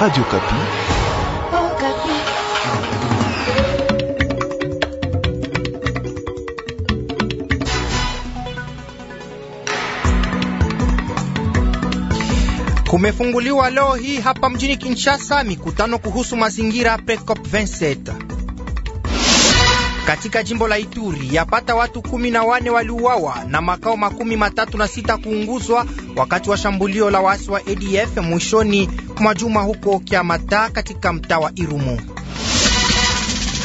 Radio Kapi. Oh, Kapi. Kumefunguliwa leo hii hapa mjini Kinshasa mikutano kuhusu mazingira PreCOP 27. Katika jimbo la Ituri yapata watu kumi na wane waliuawa na makao makumi matatu na sita kuunguzwa wakati wa shambulio la waasi wa ADF mwishoni mwa juma huko Kiamata katika mtaa wa Irumu.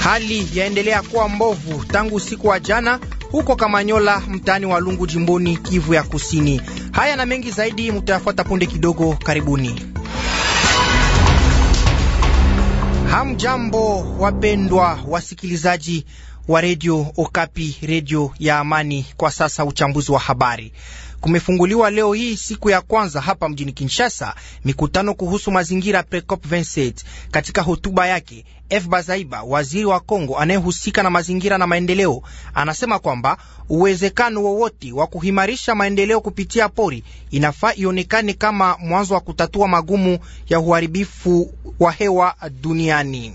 Hali yaendelea kuwa mbovu tangu usiku wa jana huko Kamanyola mtaani wa Lungu jimboni Kivu ya Kusini. Haya na mengi zaidi mutayafuata punde kidogo. Karibuni. Hamjambo, wapendwa wasikilizaji wa redio Okapi, redio ya amani. Kwa sasa uchambuzi wa habari kumefunguliwa leo hii siku ya kwanza hapa mjini Kinshasa mikutano kuhusu mazingira Precop 27. Katika hotuba yake, F Bazaiba, waziri wa Kongo anayehusika na mazingira na maendeleo, anasema kwamba uwezekano wowote wa kuhimarisha maendeleo kupitia pori inafaa ionekane kama mwanzo wa kutatua magumu ya uharibifu wa hewa duniani.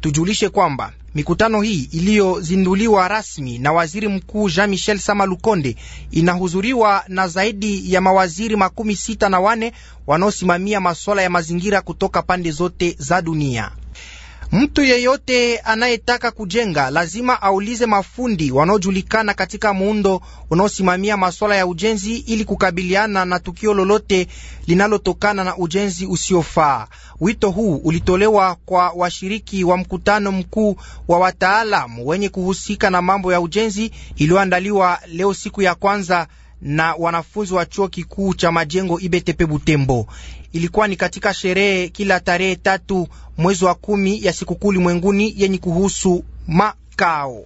Tujulishe kwamba Mikutano hii iliyozinduliwa rasmi na waziri mkuu Jean Michel Sama Lukonde inahudhuriwa na zaidi ya mawaziri makumi sita na wane wanaosimamia masuala ya mazingira kutoka pande zote za dunia. Mtu yeyote anayetaka kujenga lazima aulize mafundi wanaojulikana katika muundo unaosimamia masuala ya ujenzi ili kukabiliana na tukio lolote linalotokana na ujenzi usiofaa. Wito huu ulitolewa kwa washiriki wa mkutano mkuu wa wataalam wenye kuhusika na mambo ya ujenzi iliyoandaliwa leo siku ya kwanza na wanafunzi wa chuo kikuu cha majengo IBTP Butembo ilikuwa ni katika sherehe kila tarehe tatu mwezi wa kumi ya sikukuu ulimwenguni yenye kuhusu makao.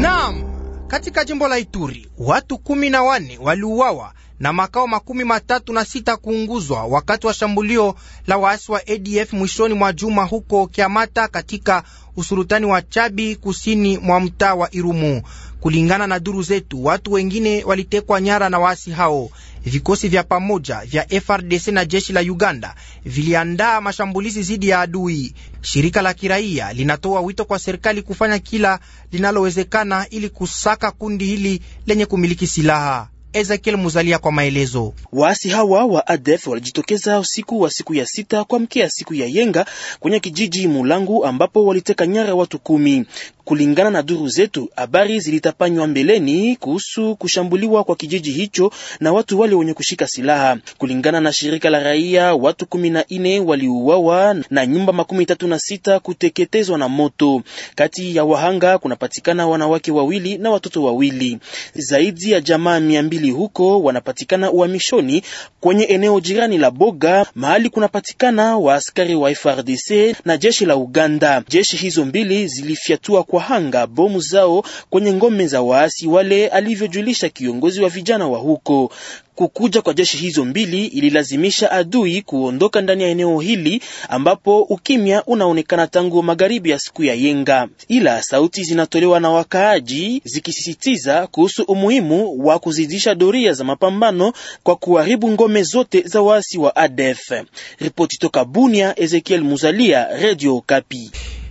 Naam, katika jimbo la Ituri watu kumi na wane waliuawa na makao makumi matatu na sita kuunguzwa wakati wa shambulio la waasi wa ADF mwishoni mwa juma huko Kiamata katika usurutani wa Chabi kusini mwa mtaa wa Irumu. Kulingana na duru zetu, watu wengine walitekwa nyara na waasi hao. Vikosi vya pamoja vya FRDC na jeshi la Uganda viliandaa mashambulizi dhidi ya adui. Shirika la kiraia linatoa wito kwa serikali kufanya kila linalowezekana ili kusaka kundi hili lenye kumiliki silaha. Ezekiel Muzalia kwa maelezo. Waasi hawa wa ADF walijitokeza usiku wa siku ya sita kwa mkea siku ya yenga kwenye kijiji Mulangu ambapo waliteka nyara watu kumi. Kulingana na duru zetu, habari zilitapanywa mbeleni kuhusu kushambuliwa kwa kijiji hicho na watu wale wenye kushika silaha. Kulingana na shirika la raia, watu kumi na nne waliuawa na nyumba makumi tatu na sita kuteketezwa na moto. Kati ya wahanga kunapatikana wanawake wawili na watoto wawili. Zaidi ya jamaa mia mbili asili huko wanapatikana uhamishoni kwenye eneo jirani la Boga, mahali kunapatikana waaskari wa frdc na jeshi la Uganda. Jeshi hizo mbili zilifyatua kwa hanga bomu zao kwenye ngome za waasi wale, alivyojulisha kiongozi wa vijana wa huko. Kukuja kwa jeshi hizo mbili ililazimisha adui kuondoka ndani ya eneo hili ambapo ukimya unaonekana tangu magharibi ya siku ya Yenga, ila sauti zinatolewa na wakaaji zikisisitiza kuhusu umuhimu wa kuzidisha doria za mapambano kwa kuharibu ngome zote za waasi wa ADF. Ripoti toka Bunia, Ezekiel Muzalia, Radio Kapi.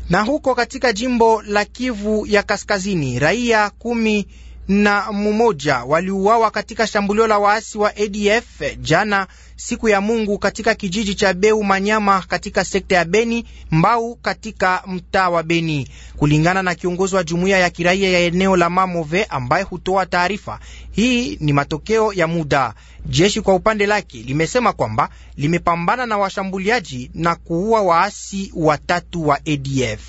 Na huko katika jimbo la Kivu ya Kaskazini, raia kumi na mmoja waliuawa katika shambulio la waasi wa ADF jana siku ya Mungu katika kijiji cha Beu Manyama katika sekta ya Beni Mbau katika mtaa wa Beni. Kulingana na kiongozi wa jumuiya ya kiraia ya eneo la Mamove ambaye hutoa taarifa hii, ni matokeo ya muda. Jeshi kwa upande lake limesema kwamba limepambana na washambuliaji na kuua waasi watatu wa ADF.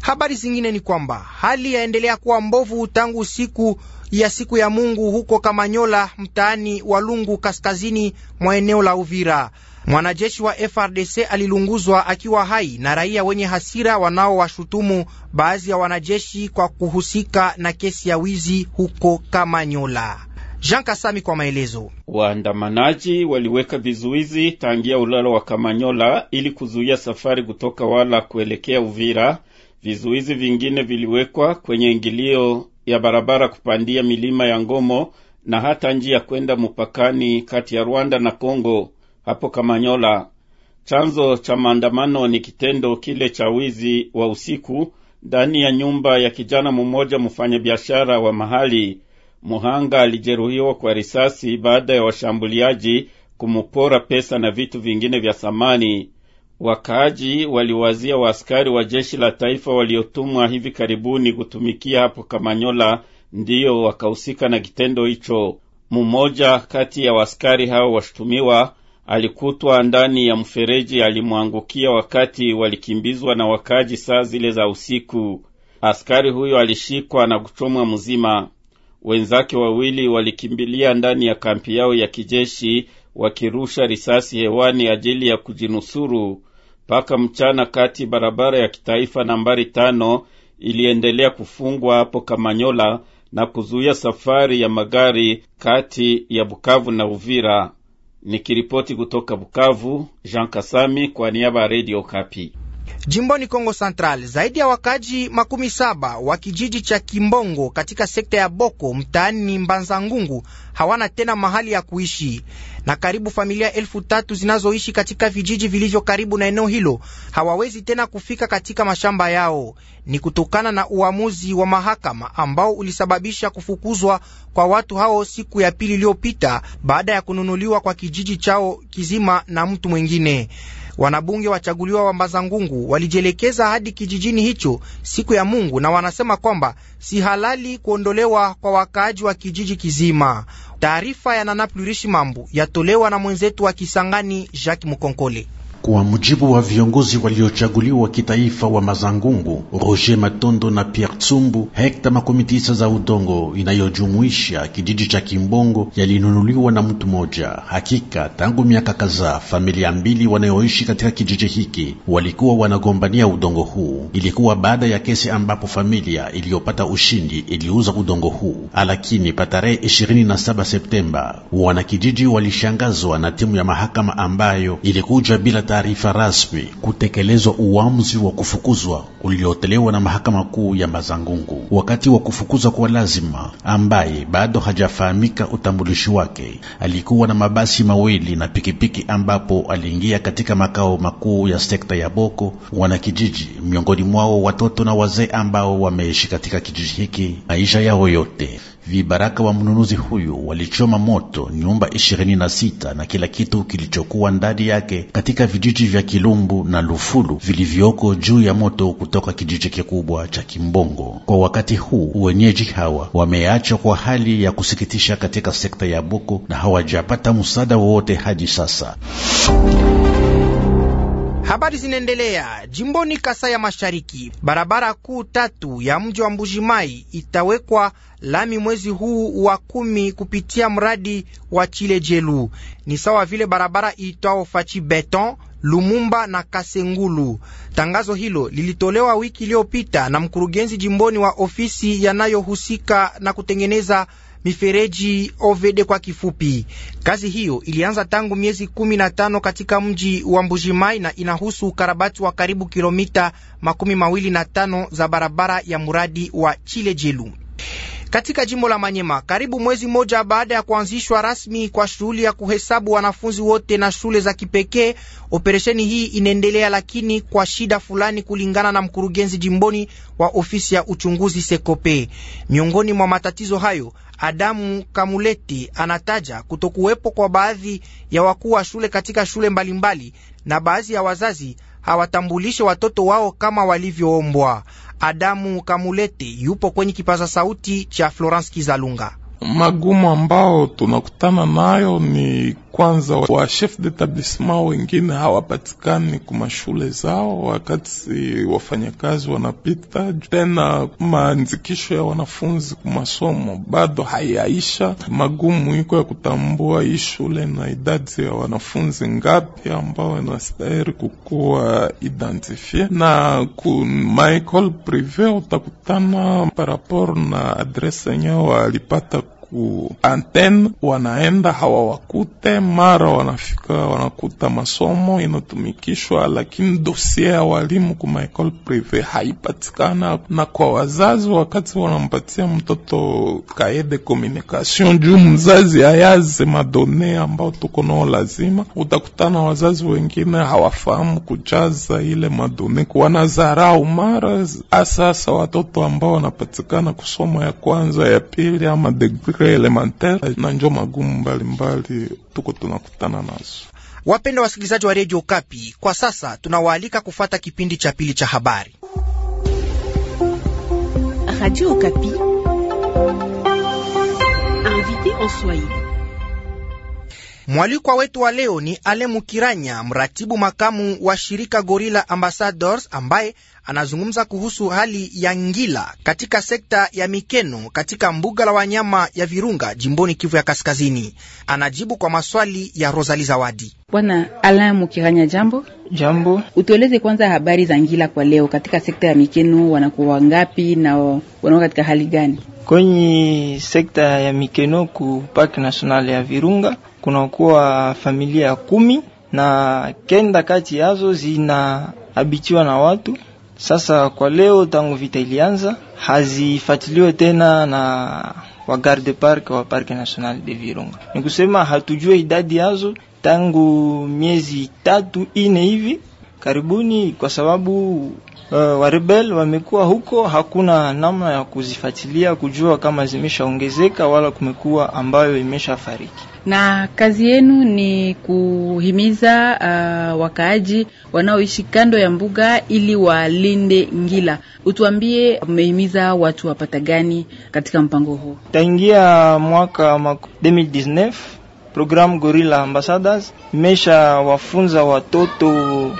Habari zingine ni kwamba hali yaendelea kuwa mbovu tangu siku ya siku ya Mungu huko Kamanyola, mtaani wa lungu kaskazini mwa eneo la Uvira. Mwanajeshi wa FRDC alilunguzwa akiwa hai na raia wenye hasira wanaowashutumu baadhi ya wanajeshi kwa kuhusika na kesi ya wizi huko Kamanyola. Jean Kasami kwa maelezo. Waandamanaji waliweka vizuizi tangia ulalo wa Kamanyola ili kuzuia safari kutoka Wala kuelekea Uvira. Vizuizi vingine viliwekwa kwenye ingilio ya barabara kupandia milima ya Ngomo na hata njia kwenda mupakani kati ya Rwanda na Kongo hapo Kamanyola. Chanzo cha maandamano ni kitendo kile cha wizi wa usiku ndani ya nyumba ya kijana mmoja mfanyabiashara wa mahali. Muhanga alijeruhiwa kwa risasi baada ya washambuliaji kumupora pesa na vitu vingine vya samani. Wakaaji waliwazia waaskari wa jeshi la taifa waliotumwa hivi karibuni kutumikia hapo Kamanyola ndiyo wakahusika na kitendo hicho. Mmoja kati ya waaskari hao washutumiwa alikutwa ndani ya mfereji alimwangukia wakati walikimbizwa na wakaaji saa zile za usiku. Askari huyo alishikwa na kuchomwa mzima. Wenzake wawili walikimbilia ndani ya kampi yao ya kijeshi wakirusha risasi hewani ajili ya kujinusuru mpaka mchana kati. Barabara ya kitaifa nambari tano iliendelea kufungwa hapo Kamanyola na kuzuia safari ya magari kati ya Bukavu na Uvira. Nikiripoti kutoka Bukavu, Jean Kasami kwa niaba ya redio Kapi. Jimboni Kongo Central, zaidi ya wakaji makumi saba wa kijiji cha Kimbongo katika sekta ya Boko mtaani ni mbanzangungu hawana tena mahali ya kuishi, na karibu familia elfu tatu zinazoishi katika vijiji vilivyo karibu na eneo hilo hawawezi tena kufika katika mashamba yao. Ni kutokana na uamuzi wa mahakama ambao ulisababisha kufukuzwa kwa watu hao siku ya pili iliyopita, baada ya kununuliwa kwa kijiji chao kizima na mtu mwingine. Wanabunge wachaguliwa wa Mbazangungu walijielekeza hadi kijijini hicho siku ya Mungu, na wanasema kwamba si halali kuondolewa kwa wakaaji wa kijiji kizima. Taarifa ya Nana Plurishi Mambu yatolewa na mwenzetu wa Kisangani, Jacques Mukonkole. Kwa mujibu wa viongozi waliochaguliwa kitaifa wa Mazangungu, Roger Matondo na Pierre Tsumbu, hekta makumi tisa za udongo inayojumuisha kijiji cha Kimbongo yalinunuliwa na mtu mmoja. Hakika tangu miaka kadhaa, familia mbili wanayoishi katika kijiji hiki walikuwa wanagombania udongo huu. Ilikuwa baada ya kesi ambapo familia iliyopata ushindi iliuza udongo huu, lakini tarehe 27 Septemba wanakijiji walishangazwa na timu ya mahakama ambayo ilikuja bila taarifa rasmi kutekelezwa uamuzi wa kufukuzwa uliotolewa na mahakama kuu ya Mazangungu wakati wa kufukuzwa kwa lazima, ambaye bado hajafahamika utambulishi wake. Alikuwa na mabasi mawili na pikipiki, ambapo aliingia katika makao makuu ya sekta ya Boko. Wanakijiji miongoni mwao watoto na wazee ambao wameishi katika kijiji hiki maisha yao yote. Vibaraka wa mnunuzi huyu walichoma moto nyumba 26 na kila kitu kilichokuwa ndani yake katika vijiji vya Kilumbu na Lufulu vilivyoko juu ya moto kutoka kijiji kikubwa cha Kimbongo. Kwa wakati huu wenyeji hawa wameachwa kwa hali ya kusikitisha katika sekta ya Buku na hawajapata msaada wowote hadi sasa. Habari zinaendelea jimboni Kasai ya Mashariki. Barabara kuu tatu ya mji wa Mbujimai itawekwa lami mwezi huu wa kumi kupitia mradi wa chile jelu ni sawa vile barabara iitwao Fachi Beton, Lumumba na Kasengulu. Tangazo hilo lilitolewa wiki iliyopita na mkurugenzi jimboni wa ofisi yanayohusika na kutengeneza mifereji ovede kwa kifupi. Kazi hiyo ilianza tangu miezi kumi na tano katika mji wa Mbujimai na inahusu ukarabati wa karibu kilomita makumi mawili na tano za barabara ya mradi wa Chile Jelu katika jimbo la Manyema. Karibu mwezi mmoja baada ya kuanzishwa rasmi kwa shughuli ya kuhesabu wanafunzi wote na shule za kipekee, operesheni hii inaendelea, lakini kwa shida fulani, kulingana na mkurugenzi jimboni wa ofisi ya uchunguzi Sekope. Miongoni mwa matatizo hayo Adamu Kamuleti anataja kutokuwepo kwa baadhi ya wakuu wa shule katika shule mbalimbali mbali, na baadhi ya wazazi hawatambulishe watoto wao kama walivyoombwa. Adamu Kamulete yupo kwenye kipaza sauti cha Florence Kizalunga. Magumu ambao tunakutana nayo ni kwanza wa chef detablissement wengine hawapatikani kumashule zao wakati wafanyakazi wanapita. Tena maandikisho ya wanafunzi kumasomo bado hayaisha, magumu iko ya kutambua hii shule na idadi ya wanafunzi ngapi ambao inastahili kukuwa identifie. Na ku maecole prive utakutana parapor na adresa yenyewe alipata ku antene, wanaenda hawawakute, mara wanafika wanakuta masomo inatumikishwa, lakini dosie ya walimu ku ekole prive haipatikana. Na kwa wazazi, wakati wanampatia mtoto kaye de communication juu mzazi ayaze madone ambao tuko nao, lazima utakutana wazazi wengine hawafahamu kujaza ile madone, wanazarau mara asasa watoto ambao wanapatikana kusoma ya kwanza ya pili ama degree frais elementaire na njo magumu mbalimbali tuko tunakutana nazo. Wapenda wasikilizaji wa redio Kapi, kwa sasa tunawaalika kufata kipindi cha pili cha habari Radio Kapi. Invité en Swahili. Mwalikwa wetu wa leo ni Ale Mukiranya, mratibu makamu wa shirika Gorilla Ambassadors, ambaye anazungumza kuhusu hali ya ngila katika sekta ya Mikeno katika mbuga la wanyama ya Virunga jimboni Kivu ya Kaskazini. Anajibu kwa maswali ya Rosali Zawadi. Bwana Alain Mukiranya, jambo. Jambo, utueleze kwanza habari za ngila kwa leo katika sekta ya Mikeno, wanakuwa ngapi na wanakuwa katika hali gani? Kwenye sekta ya Mikeno ku park national ya Virunga kunakuwa familia kumi na kenda kati yazo zinahabitiwa na watu. Sasa kwa leo, tangu vita ilianza, hazifatiliwe tena na wa garde park wa parke National de Virunga. Ni kusema hatujue idadi yazo tangu miezi tatu ine hivi karibuni, kwa sababu uh, warebel wamekuwa huko, hakuna namna ya kuzifuatilia kujua kama zimeshaongezeka wala kumekuwa ambayo imeshafariki. Na kazi yenu ni kuhimiza uh, wakaaji wanaoishi kando ya mbuga ili walinde ngila. Utuambie, mmehimiza watu wapata gani katika mpango huu? Taingia mwaka 2019 program Gorilla Ambassadors imesha wafunza watoto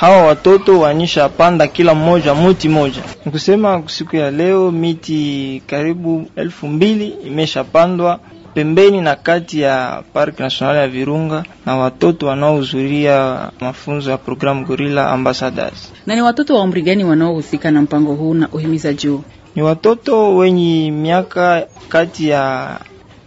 hawa watoto wanisha panda kila mmoja muti moja. Nikusema siku ya leo miti karibu elfu mbili imeshapandwa pembeni na kati ya Park National ya Virunga na watoto wanaohudhuria mafunzo ya programu Gorilla Ambassadors. Na ni watoto wa umri gani wanaohusika na mpango huu na uhimiza juu? Ni watoto wenye miaka kati ya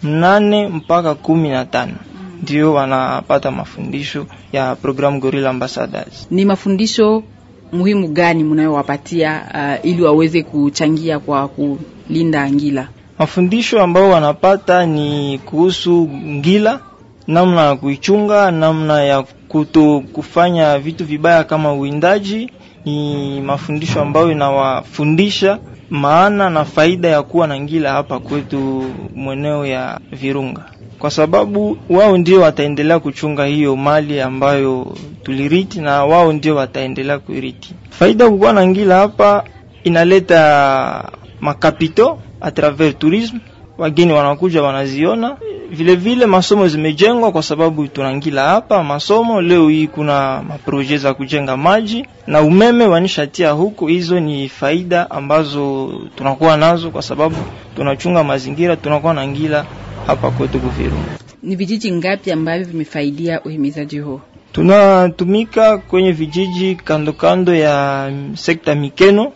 mnane mpaka kumi na tano ndio wanapata mafundisho ya programu Gorilla Ambassadors. Ni mafundisho muhimu gani mnayowapatia uh, ili waweze kuchangia kwa kulinda ngila? Mafundisho ambayo wanapata ni kuhusu ngila, namna ya kuichunga, namna ya kuto kufanya vitu vibaya kama uwindaji. Ni mafundisho ambayo inawafundisha maana na faida ya kuwa na ngila hapa kwetu mweneo ya Virunga kwa sababu wao ndio wataendelea kuchunga hiyo mali ambayo tuliriti, na wao ndio wataendelea kuiriti. Faida kubwa na ngila hapa inaleta makapito a travers tourism, wageni wanakuja wanaziona. Vile vile masomo zimejengwa kwa sababu tunangila hapa masomo. Leo hii kuna maproje za kujenga maji na umeme wanishatia huku. Hizo ni faida ambazo tunakuwa nazo kwa sababu tunachunga mazingira, tunakuwa na ngila hapa kwetu Kuvira. Ni vijiji ngapi ambavyo vimefaidia uhimizaji huu? Tunatumika kwenye vijiji kando kando ya sekta Mikeno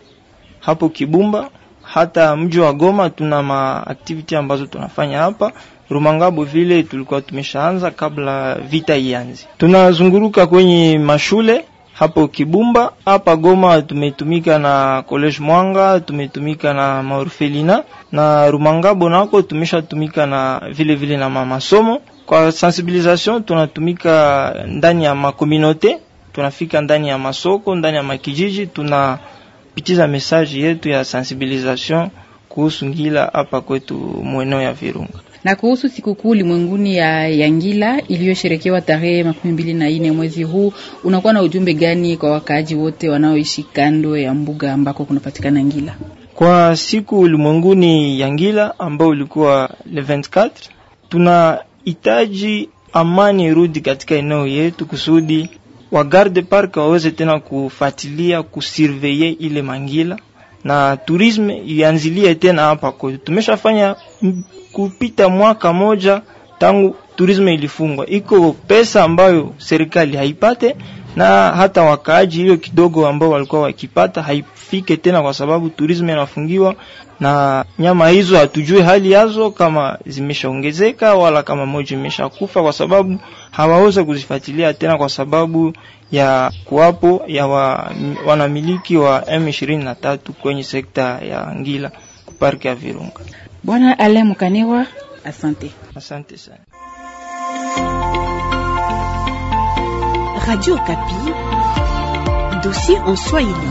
hapo Kibumba, hata mji wa Goma. Tuna maaktiviti ambazo tunafanya hapa Rumangabo, vile tulikuwa tumeshaanza kabla vita ianze. Tunazunguruka kwenye mashule hapo Kibumba. Hapa Goma tumetumika na College Mwanga, tumetumika na Maorfelina na Rumangabo, nako tumeshatumika na vile vile na mamasomo. Kwa sensibilisation tunatumika ndani ya makominote, tunafika ndani ya masoko, ndani ya makijiji, tunapitiza mesaji yetu ya sensibilisation kuhusu ngila hapa kwetu mweneo ya Virunga. Na kuhusu sikukuu ulimwenguni ya Yangila iliyosherekewa tarehe makumi mbili na nne mwezi huu, unakuwa na ujumbe gani kwa wakaaji wote wanaoishi kando ya mbuga ambako kunapatikana ngila? Kwa siku ulimwenguni ya ngila ambao ulikuwa le 24, tunahitaji amani irudi katika eneo yetu kusudi wa garde park waweze tena kufatilia kusurveye ile mangila na turisme ianzilie tena hapa kwetu. Tumeshafanya kupita mwaka moja tangu turisme ilifungwa. Iko pesa ambayo serikali haipate na hata wakaaji hiyo kidogo ambao walikuwa wakipata haifike tena, kwa sababu turisme inafungiwa na nyama hizo hatujui hali yazo kama zimeshaongezeka wala kama moja imeshakufa, kwa sababu hawaweza kuzifuatilia tena kwa sababu ya kuwapo ya wa, wanamiliki wa M23 kwenye sekta ya Ngila kuparki ya Virunga. Bwana Ale Mukaniwa, asante. Asante sana. Radio Kapi, dossier en Swahili.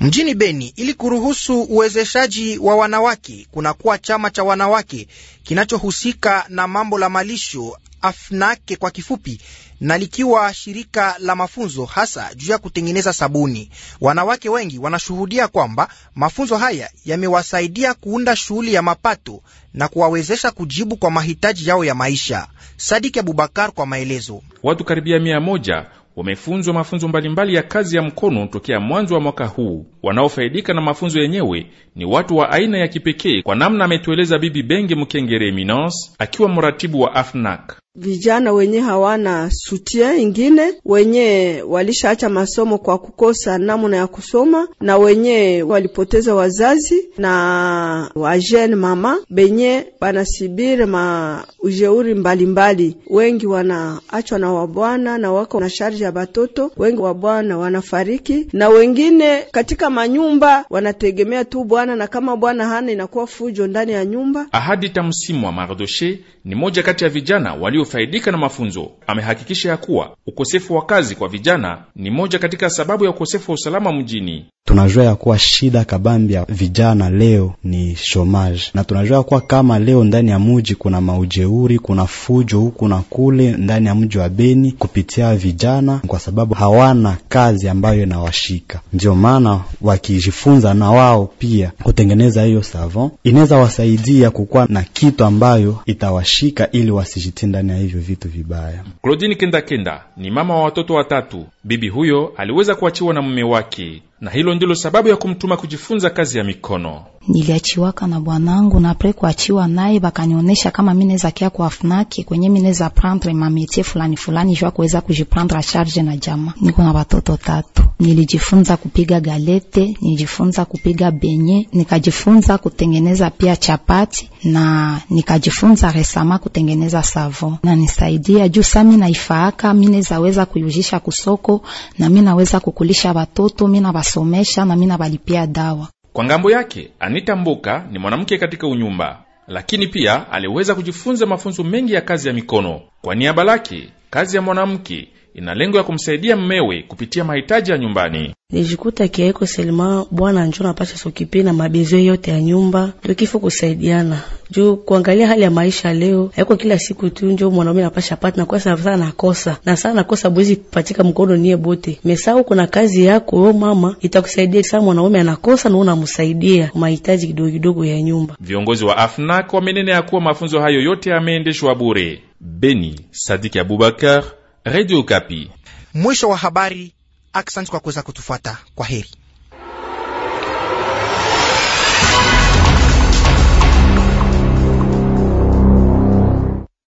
Mjini Beni ili kuruhusu uwezeshaji wa wanawake, kunakuwa chama cha wanawake kinachohusika na mambo la malisho AFNAC kwa kifupi, na likiwa shirika la mafunzo hasa juu ya kutengeneza sabuni. Wanawake wengi wanashuhudia kwamba mafunzo haya yamewasaidia kuunda shughuli ya mapato na kuwawezesha kujibu kwa mahitaji yao ya maisha. Sadiki Abubakar kwa maelezo. Watu karibia mia moja wamefunzwa mafunzo mbalimbali ya kazi ya mkono tokea mwanzo wa mwaka huu. Wanaofaidika na mafunzo yenyewe ni watu wa aina ya kipekee, kwa namna ametueleza Bibi Benge Mkengere Eminence, akiwa mratibu wa AFNAC vijana wenye hawana sutien ingine, wenye walishaacha masomo kwa kukosa namna ya kusoma, na wenye walipoteza wazazi na wajene mama benye banasibire ma ujeuri mbalimbali. Wengi wanaachwa na wabwana na wako na sharje ya batoto, wengi wabwana wanafariki, na wengine katika manyumba wanategemea tu bwana, na kama bwana hana inakuwa fujo ndani ya nyumba. Ahadi Tamsimwa Mardoshe ni moja kati ya vijana walio waliofaidika na mafunzo. Amehakikisha ya kuwa ukosefu wa kazi kwa vijana ni moja katika sababu ya ukosefu wa usalama mjini. Tunajua ya kuwa shida kabambi ya vijana leo ni shomage na tunajua ya kuwa kama leo ndani ya muji kuna maujeuri, kuna fujo huku na kule ndani ya mji wa Beni kupitia vijana, kwa sababu hawana kazi ambayo inawashika. Ndio maana wakijifunza na wao pia kutengeneza hiyo savon, inaweza wasaidia kukuwa na kitu ambayo itawashika ili wasijiti ndani na hivyo vitu vibaya. Claudine Kendakenda ni mama wa watoto watatu Bibi huyo aliweza kuachiwa na mume wake, na hilo ndilo sababu ya kumtuma kujifunza kazi ya mikono. Niliachiwaka na bwanangu na pre kuachiwa naye, bakanionyesha kama mi naweza kia kwa funaki kwenye mi naweza prendre mametie fulani fulani jua kuweza kujiprendre charge na jama. Niko na watoto tatu, nilijifunza kupiga galete, nilijifunza kupiga benye, nikajifunza kutengeneza pia chapati na nikajifunza resama kutengeneza savo, na nisaidia juu sami naifaaka mi nezaweza kuyujisha kusoko yako, na mimi naweza kukulisha watoto, mimi nawasomesha na mimi nawalipia dawa. Kwa ngambo yake Anita Mboka ni mwanamke katika unyumba, lakini pia aliweza kujifunza mafunzo mengi ya kazi ya mikono. Kwa niaba lake, kazi ya mwanamke ina lengo ya kumsaidia mmewe kupitia mahitaji ya nyumbani. Nijikuta kiaiko selma bwana njo napasha sokipe na mabezo yote ya nyumba, kifo kusaidiana juu kuangalia hali ya maisha leo haiko kila siku tu njo mwanaume napasha pata na kwasa sana nakosa na sana nakosa bwezi patika mkono niye bote mesau kuna kazi yako yo oh mama itakusaidia sana. Mwanaume anakosa na unamsaidia mahitaji kidogo kidogo ya nyumba. Viongozi wa AFNAC wamenene ya kuwa mafunzo hayo yote yameendeshwa bure. Beni Sadiki Abubakar Radio Kapi. Mwisho wa habari. Aksanti kwa kuweza kutufuata. Kwa heri.